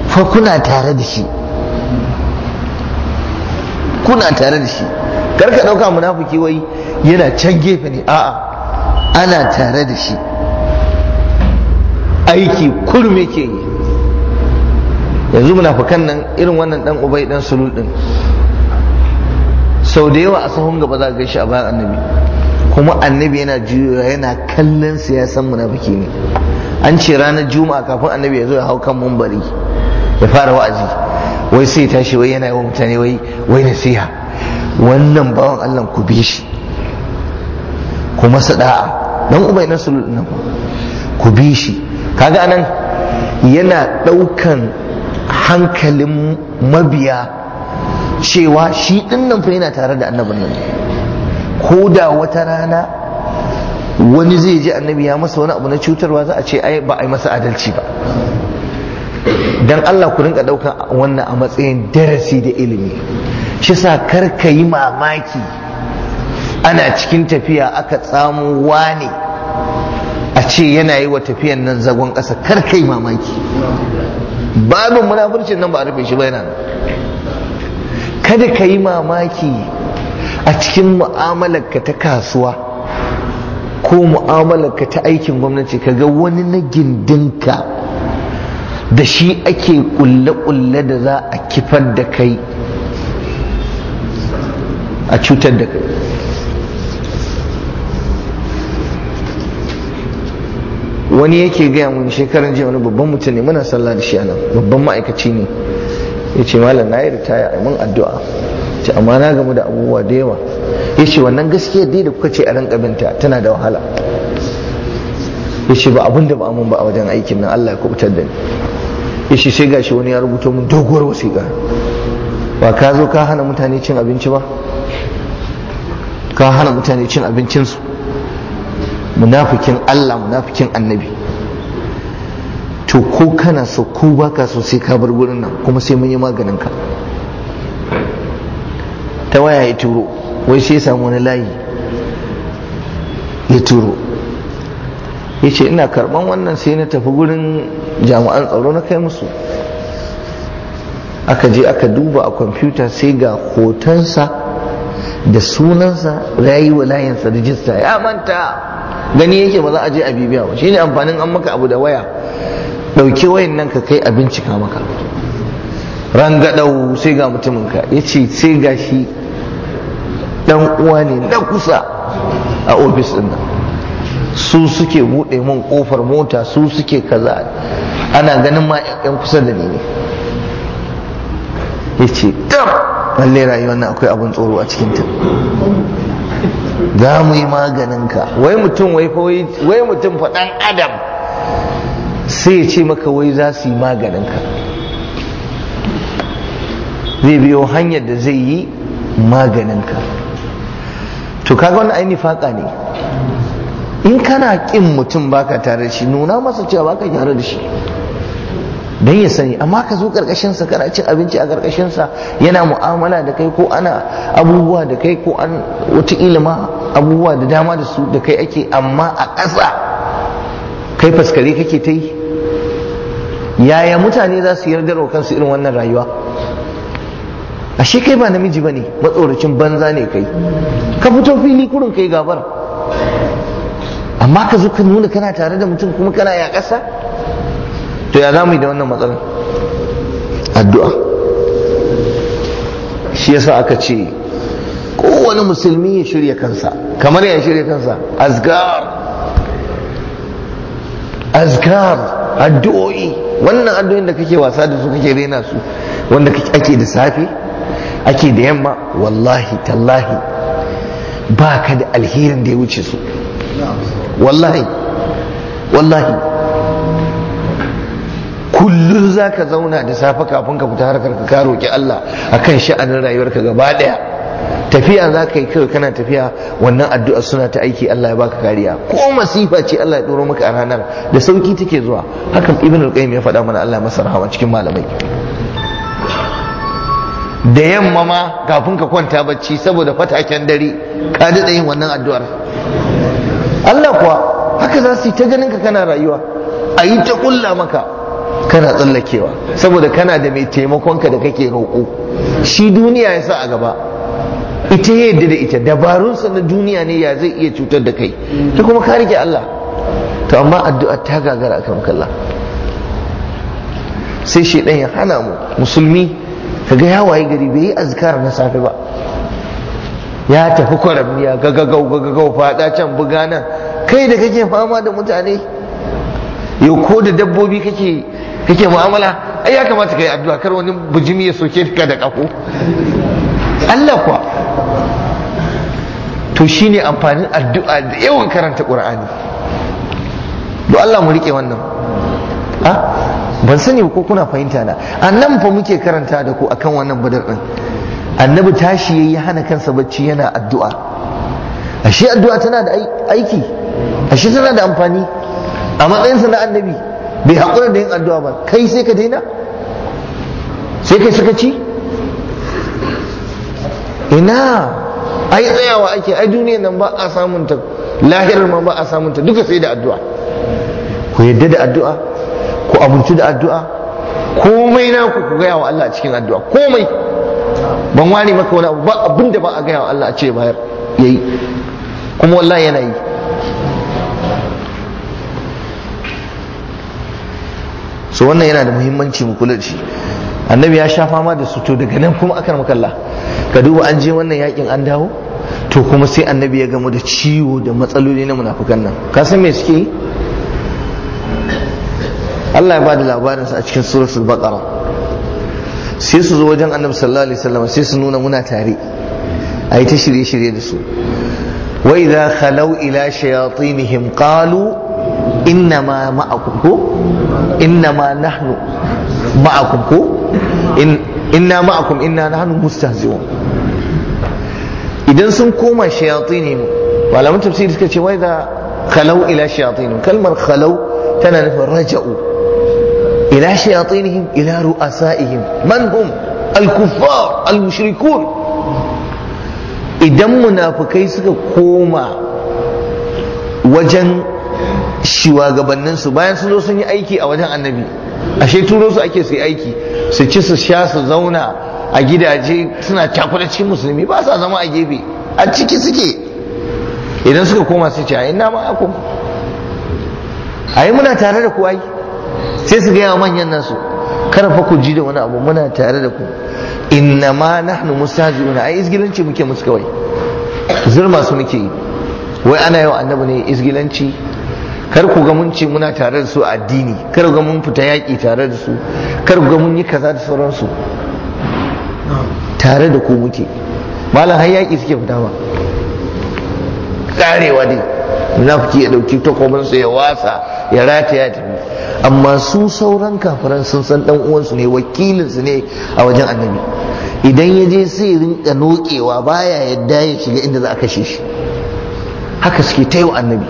fa kuna tare da shi kuna tare da shi ka dauka munafiki wai yana can gefe ne a'a ana tare da shi aiki kurme ke yi yanzu munafikan nan irin wannan dan ubai dan sulul din sau da yawa a sahun gaba za ka shi a bayan annabi kuma annabi yana juyowa yana kallon siyasan munafuki ne an ce ranar juma'a kafin annabi ya zo ya hau kan mumbari ya fara wa'azi wai sai tashi wai yana yi wa mutane wai wai nasiha wannan bawan Allah ku bi shi ku masa da'a dan ubai na sulul nan ku bi shi kaga anan yana daukan hankalin mabiya cewa shi din nan fa yana tare da annabin nan ko da wata rana wani zai ji annabi ya masa wani abu na cutarwa za a ce ai ba a yi masa adalci ba Don Allah ku rinka ɗauka wannan a matsayin darasi da ilimi shi sa kar ka yi mamaki ana cikin tafiya aka tsamo wane a ce yana yi wa tafiyan nan zagon kasa kar ka yi mamaki babin munafurcin nan ba a rufe shi ba yana kada ka yi mamaki a cikin ka ta kasuwa ko ka ta aikin gwamnati ka ga wani na gindinka da shi ake kulle-kulle da za a kifar da kai a cutar da kai wani yake gaya mun shekaran jiya wani babban mutum ne muna sallah da shi nan, babban ma'aikaci ne ya ce malam na yi ritaya a mun addu'a ce amma na gamu da abubuwa da yawa ya ce wannan gaskiya dai da kuka ce a rinka binta tana da wahala ya ce ba abin da ba amin ba a wajen aikin nan Allah ya kubutar da ni shi sai gashi wani ya rubuta mun doguwar wasiƙa ba ka zo ka hana mutane cin abinci ba ka hana mutane cin abincinsu munafikin Allah munafikin annabi to ko kana so ko ba ka so sai ka bar wurin nan kuma sai mun yi maganin ka ta waya ya turo wai sai ya samu wani layi ya turo yace ina karban wannan sai na tafi gurin jami'an tsaro na kai musu aka je aka duba a kwamfuta sai ga hotonsa da sunansa rayi wa layinsa rijista ya manta gani yake ba za a je a bibiya ba shine amfanin an maka abu da waya dauki wayan nan ka kai a bincika maka rangadau sai ga mutumin ka yace sai ga shi dan uwa ne na kusa a ofis din nan su suke buɗe mun ƙofar mota su suke kaza ana ganin ma 'yan kusa da ni ne ya ce dam lalle rayuwar nan akwai abin tsoro a cikin ta za mu yi maganin ka wai mutum wai wai mutum faɗan adam sai ya ce maka wai za su yi maganin ka zai biyo hanyar da zai yi maganin ka to kaga wani ainihin faƙa ne in kana kin mutum baka tare da shi nuna masa cewa baka gyara da shi don ya sani amma ka zo karkashinsa kana cin abinci a karkashinsa yana mu'amala da kai ko ana abubuwa da kai ko an wata ilima abubuwa da dama da su da kai ake amma a ƙasa kai faskare kake ta yi yaya mutane za su yarda wa kansu irin wannan rayuwa ashe kai ba namiji ba ne matsoracin banza ne kai ka fito fili kurin kai gabar amma ka zo ka nuna kana tare da mutum kuma kana ya ƙasa to ya za yi da wannan matsalar addu'a shi yasa aka ce kowane musulmi ya shirya kansa kamar ya shirya kansa Asgar, Asgar addu'o'i wannan addu'o'in da kake wasa da su kake rena su wanda ake da safe ake da yamma wallahi tallahi ba ka da alherin da ya wuce su wallahi wallahi kullum za ka zauna da safe kafin ka fita harkar ka roƙi Allah a kan sha'anin rayuwarka gaba ɗaya tafiya za ka yi kawai kana tafiya wannan addu'a suna ta aiki Allah ya baka kariya ko masifa ce Allah ya ɗoro maka a ranar da sauki take zuwa hakan ibn al-qayyim ya faɗa mana Allah masa rahama cikin malamai da yamma ma kafin ka kwanta bacci saboda fataken dare ka daɗa yin wannan addu'ar Allah kuwa haka za su yi ta ganin ka kana rayuwa a yi ta kulla maka kana tsallakewa saboda kana da mai taimakon ka da kake roƙo shi duniya ya sa a gaba ita yadda da ita dabarunsa na duniya ne ya zai iya cutar da kai ta kuma ka rike Allah to amma addu'a ta gagara akan kalla sai shi ya hana mu musulmi kaga ya waye gari bai yi azkar na safe ba ya tafi kwaramniya gagagau gagagau fada can buga nan kai da kake fama da mutane yau ko da dabbobi kake kake mu'amala ai ya kamata kai addu'a kar wani bujimi ya soke ka da kafo Allah kuwa to shine amfanin addu'a da yawan karanta Qur'ani do Allah mu rike wannan ha ban sani ko kuna fahimta na annan fa muke karanta da ku akan wannan badar din annabi tashi yayi hana kansa bacci yana addu'a ashe addu'a tana da aiki ashe tana da amfani a matsayinsa na annabi bai haƙura da yin addu'a ba kai sai ka daina sai kai ci? ina ai tsayawa ake ai duniyar nan ba a samunta lahirar ma ba a samunta duka sai da addu'a ku yadda da addu'a ku abinci da addu'a komai na ku gaya wa Allah cikin addu'a komai ban wani maka wani abu ba abin da ba a gaya wa Allah a ce ya yi. kuma wallahi yana yi so wannan yana da muhimmanci mu kula annabi ya sha fama da su to daga nan kuma aka maka Allah ka duba an je wannan yakin an dawo to kuma sai annabi ya gamu da ciwo da matsaloli na munafukan nan ka san me suke Allah ya ba da labarinsa a cikin suratul baqara sai su zo wajen annabi sallallahu alaihi wasallam sai su nuna muna tare a ta shirye-shirye da su wa idza khalaw ila shayatinihim qalu innama ma'akum ko innama nahnu ma'akum ko inna ma'akum inna nahnu mustahzi'un idan sun koma shayatinihim malaman tafsiri suka ce wa idza khalaw ila shayatinihim kalmar khalaw tana nufin raja'u إلى شياطينهم إلى رؤسائهم من هم الكفار المشركون idan munafukai suka koma wajen shugabanninsu bayan sun zo sun yi aiki a wajen annabi ashe turo su ake su yi aiki su ci su sha su zauna a gidaje suna cakuɗa cikin musulmi ba sa zama a gefe a ciki suke idan suka koma su ce a ina ma akwai a yi muna tare da kuwa sai su gaya manyan nasu kar fa ku ji da wani abu muna tare da ku inna ma nahnu mustajiuna ai izgilanci muke musu kawai zurma su muke yi wai ana yau annabi ne izgilanci kar ku ga mun ce muna tare da su a addini kar ku ga mun fita yaƙi tare da su kar ku ga mun yi kaza da sauransu tare da ku muke malam har yaƙi suke fita ba karewa dai munafiki ya ɗauki takwamansu ya wasa ya rataya ya tafi amma su sauran kafiran sun san dan uwansu ne wakilinsu ne a wajen annabi idan ya je sai rinka nokewa baya yadda ya shiga inda za a kashe shi haka suke ta wa annabi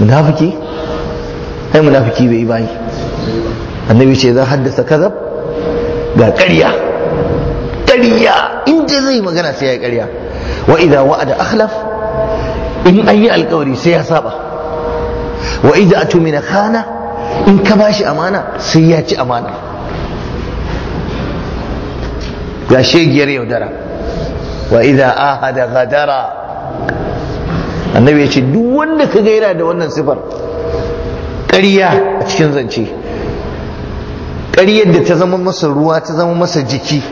munafiki kai munafiki bai bayi annabi ce zan haddasa kazab ga ƙarya ƙarya inda zai magana sai ya ƙarya wa idza wa'ada akhlaf in an yi alkawari sai ya saba wa idza atumina khana in ka bashi amana sai ya ci amana ga shegiyar yaudara wa idza ahada ghadara annabi ya ce duk wanda ka gaira da wannan sifar ƙarya a cikin zance ƙaryar da ta zama masa ruwa ta zama masa jiki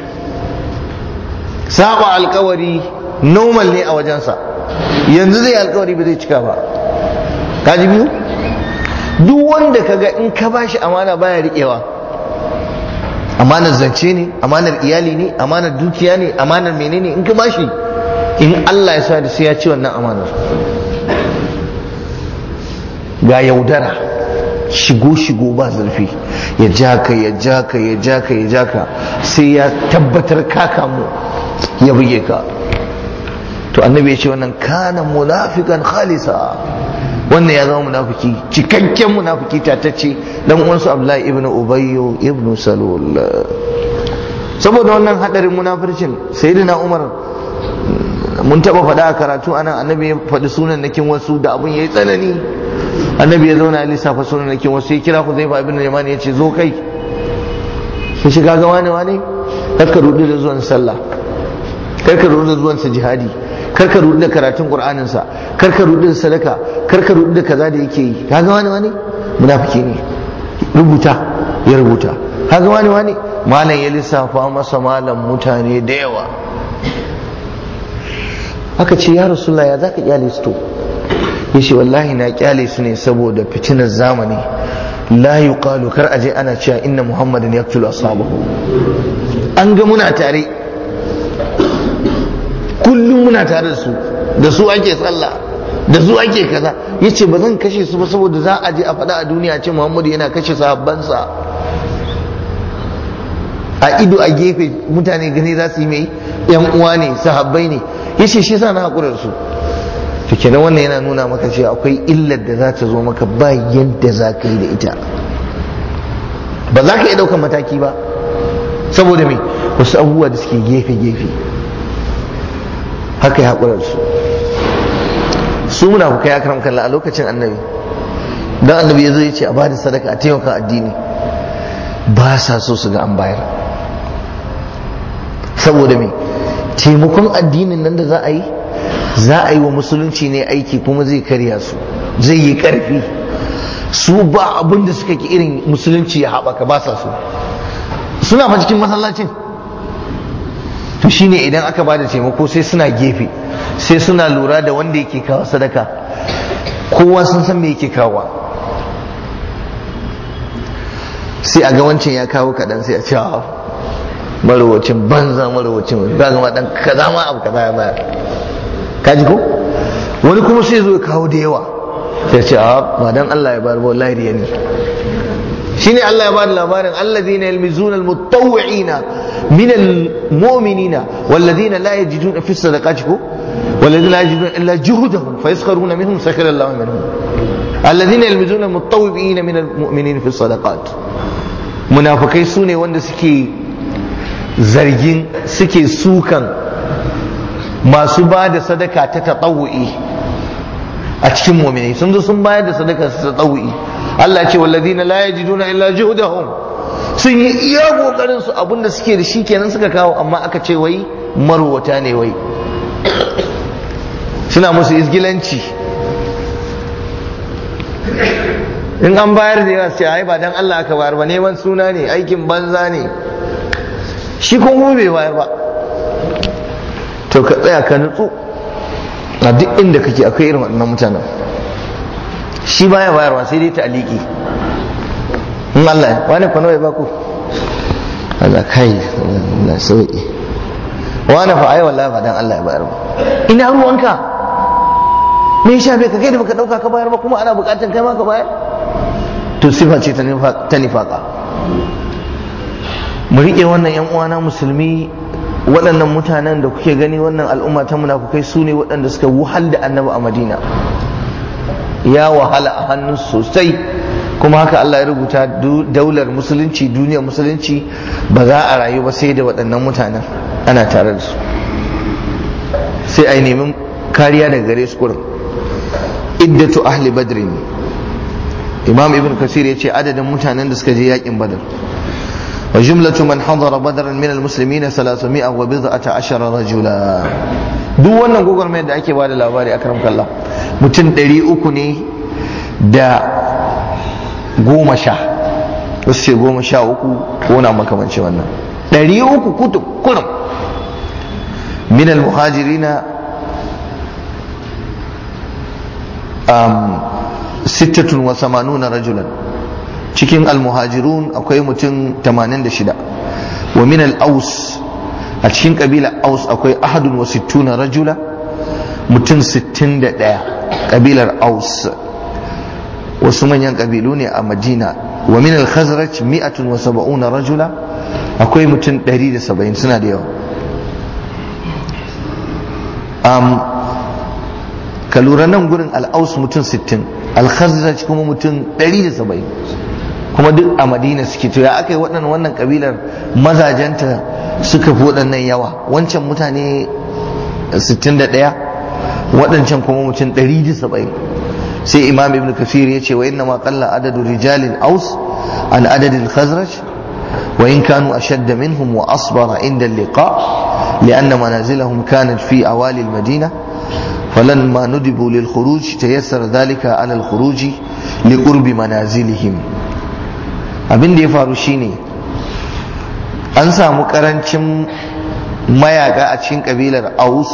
saba alkawari normal ne a wajensa yanzu zai alkawari ba zai cika ba Ka ji biyu duk wanda ka ga in ka bashi amana baya riƙewa amanar zance ne amanar iyali ne amanar dukiya ne amanar menene in ka bashi in Allah ya sa da sai ya ci wannan amanar ga yaudara shigo shigo ba zurfi ya ja ka ya ja ka ya ja ka ya ja ka sai ya tabbatar ka kamu ya buge ka to annabi ya ce wannan kana munafikan khalisa wannan ya zama munafiki cikakken munafiki tace dan uwansu abdullahi ibnu ubayyo ibnu salul saboda wannan hadarin munafircin sayyidina umar mun taba faɗa a karatu anan annabi ya faɗi sunan nakin wasu da abun yayi tsanani annabi ya zauna ya fa sunan nakin wasu ya kira huzaifa ibnu yamani ya ce zo kai sai shiga ga wane wane kar rudu da zuwan sallah kar rudu da zuwan sa jihadi kar ka rudu da karatun ƙur'aninsa. sa kar ka rudu da sadaka kar ka rudu da kaza da yake yi ga wani wani munafiki ne rubuta ya rubuta ga wani wani malam ya lissafa masa malam mutane da yawa aka ce ya rasulullah ya zaka kyale su to yace wallahi na kyale su ne saboda fitinar zamani la yuqalu kar aje ana cewa inna muhammadan yaqtulu ashabahu an ga muna tare kullum muna tare da su da su ake sallah da su ake kaza yace ba zan kashe su ba saboda za a je a faɗa a duniya ce Muhammadu yana kashe sahabbansa a ido a gefe mutane gani za su yi mai yan uwa ne sahabbai ne yace shi yasa na hakura da su to kenan wannan yana nuna maka cewa akwai illar da za ta zo maka ba yadda za ka yi da ita ba za ka iya ɗaukar mataki ba saboda me wasu abubuwa da suke gefe-gefe haka ya haƙura su su kuka akram kalla a lokacin annabi don annabi ya zo ya ce a bada sadaka a taimaka addini ba sa so su ga an bayar saboda me taimakon addinin nan da za a yi za a yi wa musulunci ne aiki kuma zai karya su zai yi karfi su ba abin da suka ki irin musulunci ya haɓaka ba sa so suna fa cikin masallacin to shine idan aka ba da taimako sai suna gefe sai suna lura da wanda yake kawo sadaka kowa sun san me yake kawo sai a ga wancan ya kawo kaɗan sai a ce marowacin banza marowacin ga gama ɗan kaza ma abu kaza ya bayar kaji ko wani kuma sai zo ya kawo da yawa sai ce a ba dan Allah ya bayar ba wallahi riya ne shine Allah ya bada labarin alladhina yalmizuna almutawwi'ina من المؤمنين والذين لا يجدون في الصدقات والذين لا يجدون إلا جهدهم فيسخرون منهم سخر الله منهم الذين يلمزون المتطوعين من المؤمنين في الصدقات munafukai su ne wanda suke zargin suke sukan masu ba da sadaka ta a cikin muminai sun zo sun bayar da sadaka ta taɗawu'i Allah ce wallazina la yajiduna illa juhdahum sun yi iya kokarin su abin da suke da shi kenan suka kawo amma aka ce wai marwata ne wai suna musu izgilanci in an bayar da yawa sai ai ba dan Allah aka bayar ba neman suna ne aikin banza ne shi kun hube waye ba to ka tsaya ka nutsu a duk inda kake akwai irin waɗannan mutanen shi baya bayarwa sai dai ta aliki Allah wani fa nawa baku Allah kai na sauki wani fa ai wallahi ba dan Allah ya bayar ba ina ruwanka me ya shafe ka kai da baka dauka ka bayar ba kuma ana bukatan kai ma ka bayar to sifa ce ta nifaka mu riƙe wannan yan uwana musulmi waɗannan mutanen da kuke gani wannan al'umma ta munafukai su ne waɗanda suka wuhal da annabi a madina ya wahala a hannun sosai kuma haka Allah ya rubuta daular musulunci duniyar musulunci ba za a rayu ba sai da waɗannan mutanen ana tare da su sai a yi neman kariya daga gare su kurin iddatu ahli ne imam ibn kasir ya ce adadin mutanen da suka je yakin badar wa jumlatu man hadara badran min gobe 300 wa bid'ata rajula duk wannan gogormayar da ake bada labari a kallah mutum 300 ne da goma sha wasu ce goma sha uku ko na makamanci wannan ɗari uku kutu kurum min almuhajirina um, sittatun wa na rajulan cikin almuhajirun akwai mutum tamanin da shida. wa minal aus a cikin kabila aus akwai ahadun wa sittuna rajula mutum sittin da ɗaya kabilar aus wasu manyan kabilu ne a madina wa min al-khazraj mi'atun wa sab'una rajula akwai mutum 170 suna da yawa um, ka lura nan gurin al-aus mutum 60 al-khazraj kuma mutum 170 kuma duk a madina suke to ya akai waɗannan wannan kabilar mazajenta suka fi waɗannan yawa wancan mutane 61 waɗancan kuma mutum 170 sai imam ibn kafir ya ce wa inna ma kalla adadu rijalin aus an adadin khazraj wa in kanu ashadda minhum wa asbara inda liqa لأن منازلهم كانت في أوالي المدينة فلما ta للخروج dalika ذلك على li لقرب manazilihim abin da ya faru shine an samu karancin mayaka a cikin kabilar aus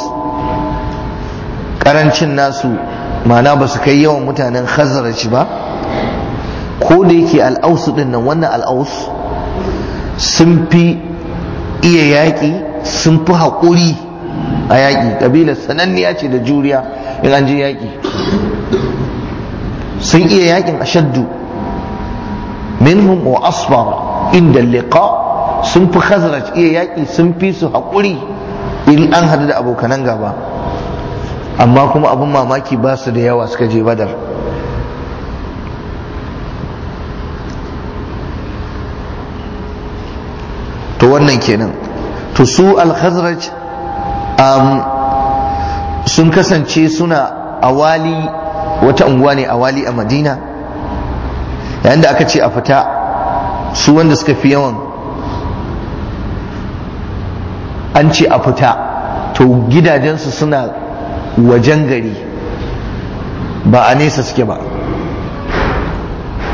karancin nasu ma'ana ba su kai yawan mutanen khazarci ba ko da yake al'ausu din nan wannan al'ausu sun fi iya yaƙi sun fi haƙuri a yaƙi ƙabilar sananniya ce da juriya in an je yaƙi sun iya yaƙin ashaddu minhum wa asbar inda liqa sun fi khazaraj iya yaƙi sun fi su haƙuri in an hadu da abokanan gaba amma kuma abin mamaki ba su da yawa suka je badar to wannan kenan to su al-khazraj um, sun kasance suna awali wata unguwa ne awali a madina yayin da aka ce a fita su wanda suka fi yawan an ce a fita to gidajensu suna wajen gari ba a nesa suke ba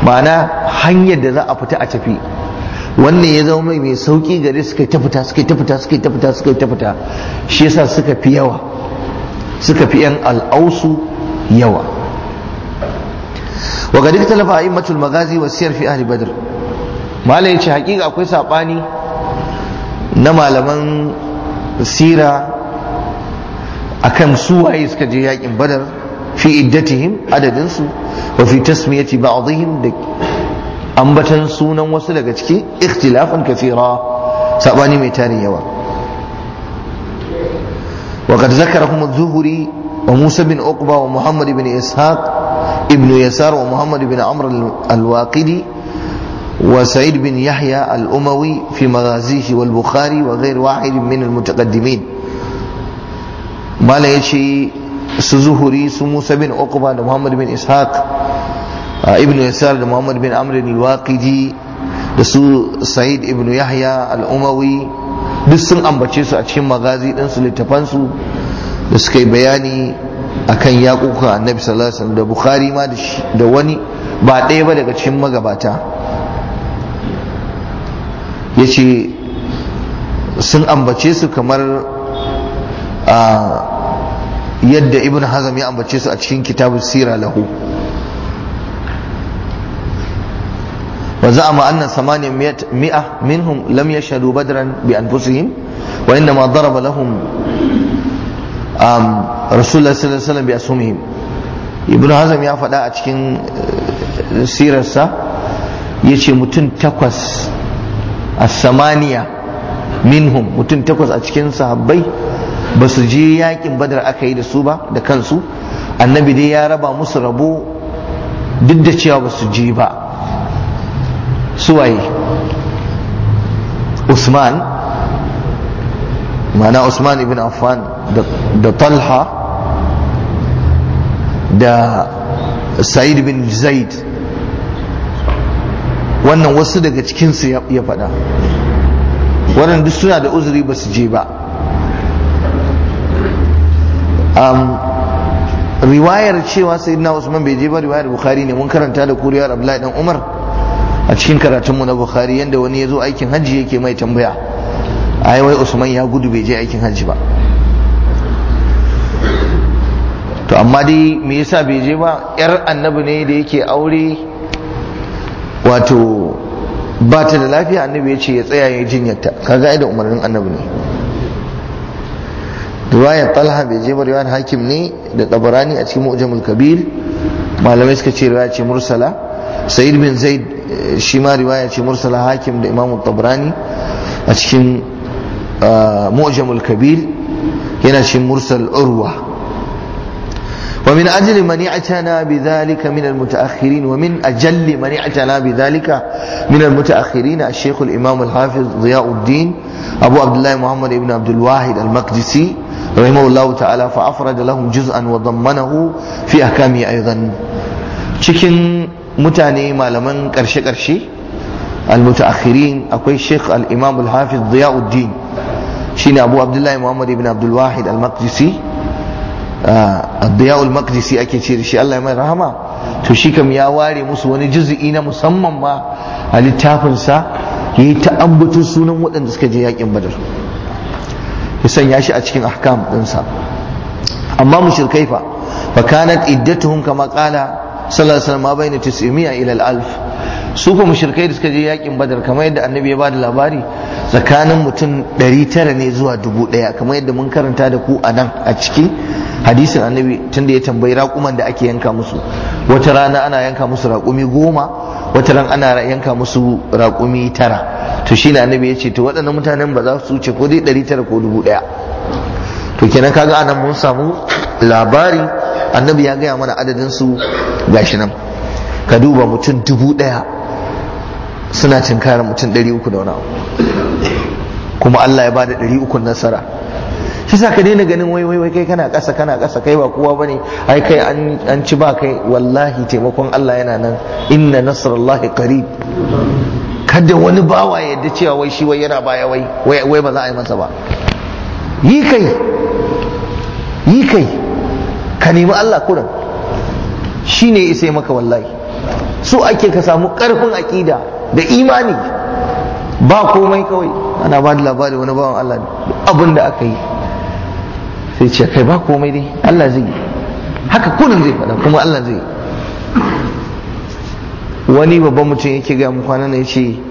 ma'ana hanyar da za a fita a tafi wannan ya zama mai sauki gare suka ta fita suka ta fita suka ta fita suka ta shi yasa suka fi yawa suka fi yan al'ausu yawa wa ga duk talafa a'immatul magazi wa siyar fi ahli badr malai ya ce hakika akwai sabani na malaman sira a kan su waye suka je yakin badar fi iddatihim adadin su wa fi tasmiyati ba'dihim da ambatan sunan wasu daga ciki ikhtilafan kafira sabani mai tarin yawa wa kad zakarahum az wa musa bin uqba wa muhammad bin ishaq ibn yasar wa muhammad bin amr al wa sa'id bin yahya al-umawi fi maghazihi wal bukhari wa ghayr wahid min al mala ya ce su zuhuri su musa bin uqba da muhammad bin ishaq ibn yasar da muhammad bin amr bin waqidi da su sa'id ibn yahya al duk sun ambace su a cikin magazi din su littafan da suka yi bayani akan yaƙuka annabi sallallahu da bukhari ma da wani ba ɗaya ba daga cikin magabata yace sun ambace su kamar yadda ibn hazam ya ambace su a cikin kitabun sira lahu wa za'ama anna samaniya mi'a minhum lam yashhadu badran bi anfusihim wa ma daraba lahum um, rasulullah sallallahu alaihi wasallam bi asumihim ibn hazam ya faɗa a cikin eh, sirarsa ya ce mutum takwas a samaniya minhum mutum takwas a cikin sahabbai ba su je yakin badar aka yi da su ba da kansu annabi dai ya raba musu rabo duk da cewa ba su je ba suwaye usman mana usman ibn affan da talha da sa'id bin zaid wannan wasu daga cikinsu ya faɗa waɗanda suna da uzuri ba su je ba Um, riwayar cewa sayyidina usman bai je ba riwayar bukhari ne mun karanta da kuriyar abdullahi dan umar a cikin karatunmu na bukhari yanda wani ya zo aikin hajji yake mai tambaya ai wai usman ya gudu bai je aikin hajji ba to amma dai me yasa bai je ba yar annabi ne da yake aure wato ba ta da lafiya annabi ya ce ya tsaya ya jinyarta kaga ai da umarnin annabi ne riwayar talha bai je ba riwayar hakim ne da tabarani a cikin mu'jamul kabir malamai suka ce riwaya ce mursala sa'id bin zaid eh, shi ma riwaya ce mursala hakim da imamu tabarani a cikin eh, mu'jamul kabir yana cikin mursal urwa ومن al من اعتنى بذلك من المتأخرين ومن أجل من اعتنى بذلك من المتأخرين الشيخ الإمام الحافظ ضياء الدين abu عبد muhammad ibn abdul wahid الواحد المقدسي rahimahullahu ta'ala fa afrada lahum juz'an wa dammanahu fi ahkami aidan cikin mutane malaman karshe karshe al-mutaakhirin akwai sheikh al-imam al-hafiz diyauddin shine abu abdullahi muhammad ibn abdul wahid al-maqdisi al ah, maqdisi ake ce da shi Allah ya mai rahama to shi kam ya ware musu wani juz'i na musamman ma a littafinsa yayi ta ambato sunan waɗanda suka je yakin badar ya sanya shi a cikin ahkam ɗinsa amma mushrikai fa fa kanat iddatuhum kama qala sallallahu alaihi wasallam ma baina 900 ila al-alf su ko mushrikai da suka je yakin badar kamar yadda annabi ya ba da labari tsakanin mutum 900 ne zuwa 1000 kamar yadda mun karanta da ku a nan a ciki hadisin annabi tunda ya tambayi raƙuman da ake yanka musu wata rana ana yanka musu raƙumi goma wata rana ana yanka musu raƙumi tara to shi na annabi ya ce to waɗannan mutanen ba za su wuce ko dai ɗari tara ko dubu ɗaya to kenan kaga anan mun samu labari annabi ya gaya mana adadin su gashi nan ka duba mutum dubu ɗaya suna cinkara mutum ɗari uku da wani abu kuma Allah ya bada ɗari uku nasara shi ka daina ganin wai wai kai kana kasa kana ƙasa kai ba kowa bane ai kai an ci ba kai wallahi taimakon Allah yana nan inna nasrullahi qarib kada wani bawa yadda cewa wai shi wai yana baya wai wai ba za a yi masa ba yi kai yi kai ka nemi Allah kuran shi ne isai maka wallahi so ake ka samu ƙarfin aƙida da imani ba komai kawai ana ba da labari wani bawan Allah abin da aka yi sai ce kai ba komai dai Allah zai haka kunan zai faɗa kuma Allah zai wani babban mutum yake ga mu kwanan ya ce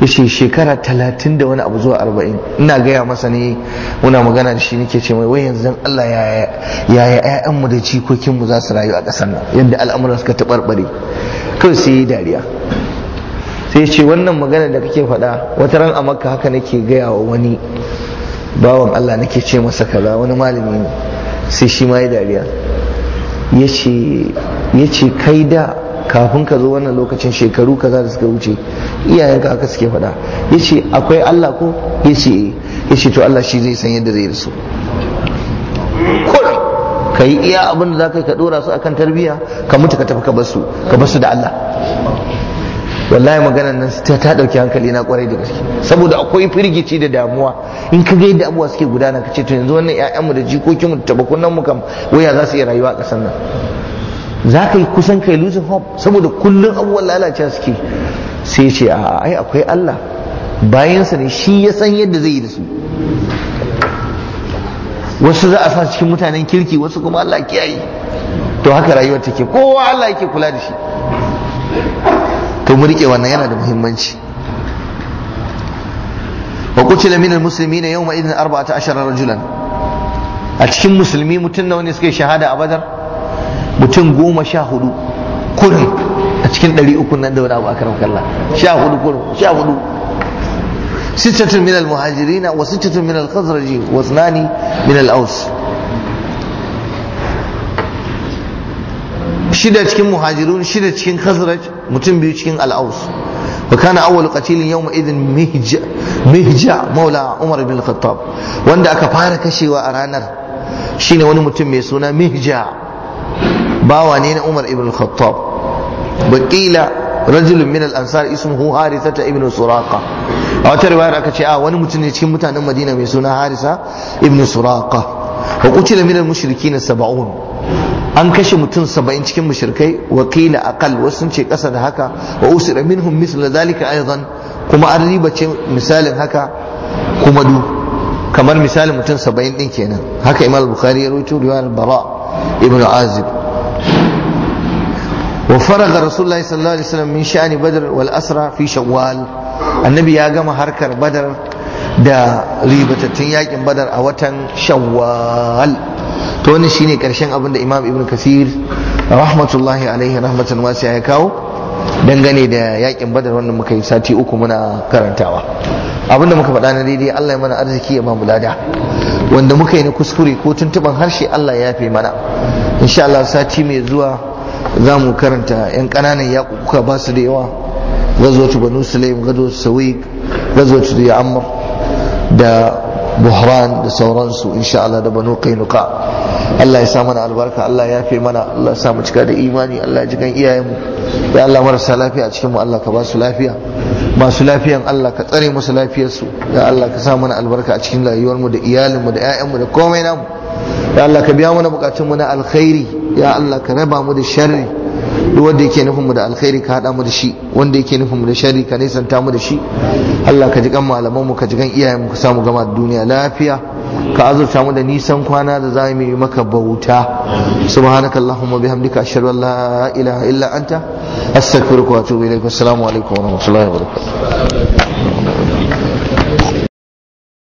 yace shekara talatin da wani abu zuwa arba'in ina gaya masa ne muna magana da shi nake ce mai wai yanzu dan Allah ya yaya mu da jikokinmu za su rayu a ƙasar nan yadda al'amuran suka taɓarɓare kawai sai yi dariya sai ce wannan magana da kake faɗa wata ran a makka haka nake gaya wa wani bawan Allah nake ce masa kaza wani malami ne sai shi ma ya dariya ya ce kai da kafin ka zo wannan lokacin shekaru kaza da suka wuce iyayenka aka suke faɗa ce akwai Allah ko Ya ce eh. Ya ce to Allah shi zai san yadda zai rasu kullum ka yi iya abin da za ka yi ka ɗora su akan tarbiyya ka mutu ka tafi ka basu ka basu da Allah wallahi maganar nan ta ta ɗauki hankali na kwarai da gaske saboda akwai firgici da damuwa in ka ga yadda abuwa suke gudana ka ce to yanzu wannan 'ya'yanmu da jikokinmu da tabakunanmu kam waya za su iya rayuwa a ƙasar nan za ka yi kusan kai losing hope saboda kullum abubuwan lalace suke sai ce a ai akwai Allah bayansa ne shi ya san yadda zai yi da su wasu za a sa cikin mutanen kirki wasu kuma Allah kiyaye to haka rayuwar take kowa Allah yake kula da shi to mu rike wannan yana da muhimmanci wa qutila min almuslimin yawma idin 14 rajulan a cikin musulmi mutun nawa ne suka shahada a badar mutum goma sha hudu kurin a cikin ɗari uku nan da wani abu aka kalla sha hudu kurin sha hudu sittatu min al na wa sittatu min al-khazraj wa thnani min al-aus shida cikin muhajirun shida cikin khazraj mutum biyu cikin al-aus وكان أول قتيل يومئذ مهجع مهجع مولى عمر بن الخطاب وأن أكفارك شيء وأرانر mutum ونمتم يسونا مهجع bawa ne na Umar ibn Khattab Baƙila rajulun min al-ansar ismuhu Harithata ibn Suraqa a wata riwayar aka ce a wani mutum ne cikin mutanen Madina mai suna Harisa ibn Suraqa wa qutila min al-mushrikin 70 an kashe mutum 70 cikin mushrikai wa qila aqal wasu sun ce kasa da haka wa usira minhum mithla dhalika aidan kuma an riba ce misalin haka kuma du kamar misalin mutum 70 din kenan haka Imam Bukhari ya rawaito riwayar Bara ibn Azib وفرغ رسول الله صلى الله عليه وسلم من شأن بدر والأسرى في شوال النبي يا جماعة هركر بدر da ribatattun yakin badar a watan shawwal to wannan shine karshen abinda imam ibn kasir rahmatullahi alaihi rahmatan wasiya ya kawo dangane da yakin badar wanda muka yi sati uku muna karantawa abinda muka faɗa na daidai Allah ya mana arziki ya bamu lada wanda muka yi na kuskure ko tuntuban harshe Allah ya yafe mana insha sati mai zuwa za mu karanta 'yan ya kuka ba su da yawa gazotu banu sulaim gazotu sawiq gazotu da ya'ammar da buhran da sauransu insha Allah da banu kainuka Allah ya sa mana albarka Allah ya fi mana Allah ya sa mu cika da imani Allah ya ji iyayenmu da Allah marasa lafiya a cikin mu Allah ka ba su lafiya masu lafiyan Allah ka tsare musu lafiyarsu da Allah ka sa mana albarka a cikin rayuwarmu da iyalinmu da 'ya'yanmu da komai namu ya Allah ka biya mana bukatun mu na alkhairi ya Allah ka raba mu da sharri duk wanda yake nufin mu da alkhairi ka hada mu da shi wanda yake nufin mu da sharri ka nisanta mu da shi Allah ka ji kan malaman mu ka ji kan iyayen mu ka samu gama da duniya lafiya ka azurta mu da nisan kwana da za mu yi maka bauta subhanakallahumma bihamdika ashhadu an la ilaha illa anta astaghfiruka wa atubu ilaik assalamu alaikum wa rahmatullahi wa barakatuh